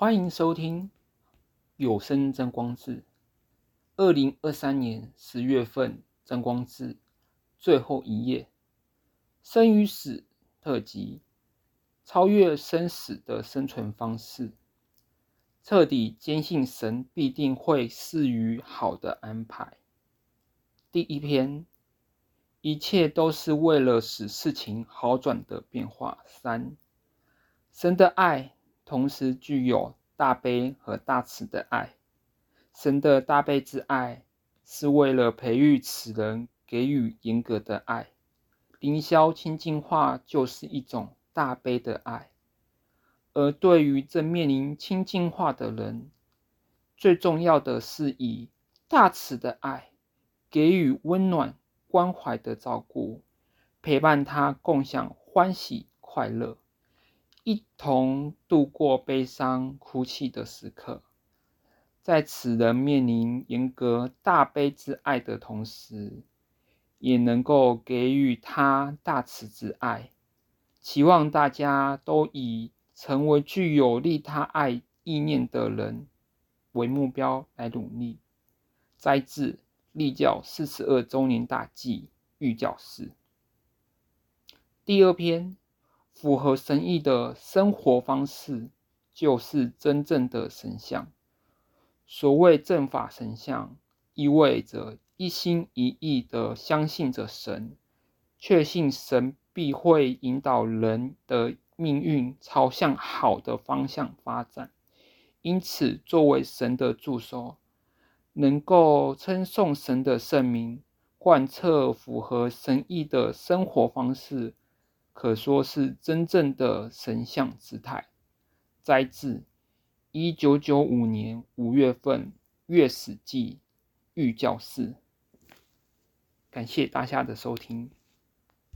歡迎收聽有聲真《有聲真光誌》，二零二三年十月份《真光誌》最後一頁，生與死特輯：超越生死的生存方式，徹底堅信神必定會賜予好的安排。第一篇，一切都是為了使事情好轉的變化。三，神的愛。同時具有大悲和大慈的愛，神的大悲之愛是為了培育此人，給予嚴格的愛。凌霄清淨化就是一種大悲的愛，而對於正面臨清淨化的人，最重要的是以大慈的愛給予溫暖關懷的照顧，陪伴他共享歡喜快樂。一同度過悲傷哭泣的時刻，在此人面臨嚴格大悲之愛的同時，也能夠給予他大慈之愛。期望大家都以成為具有利他愛意念的人為目標來努力。摘自立教四十二周年大祭御教示第二篇。符合神意的生活方式，就是真正的神像。所謂正法神像，意味着一心一意地相信着神，確信神必會引導人的命運朝向好的方向發展。因此，作為神的助手，能夠稱頌神的聖名，貫徹符合神意的生活方式。可說是真正的神像姿態。摘自一九九五年五月份《月史記》玉教寺。感謝大家的收聽。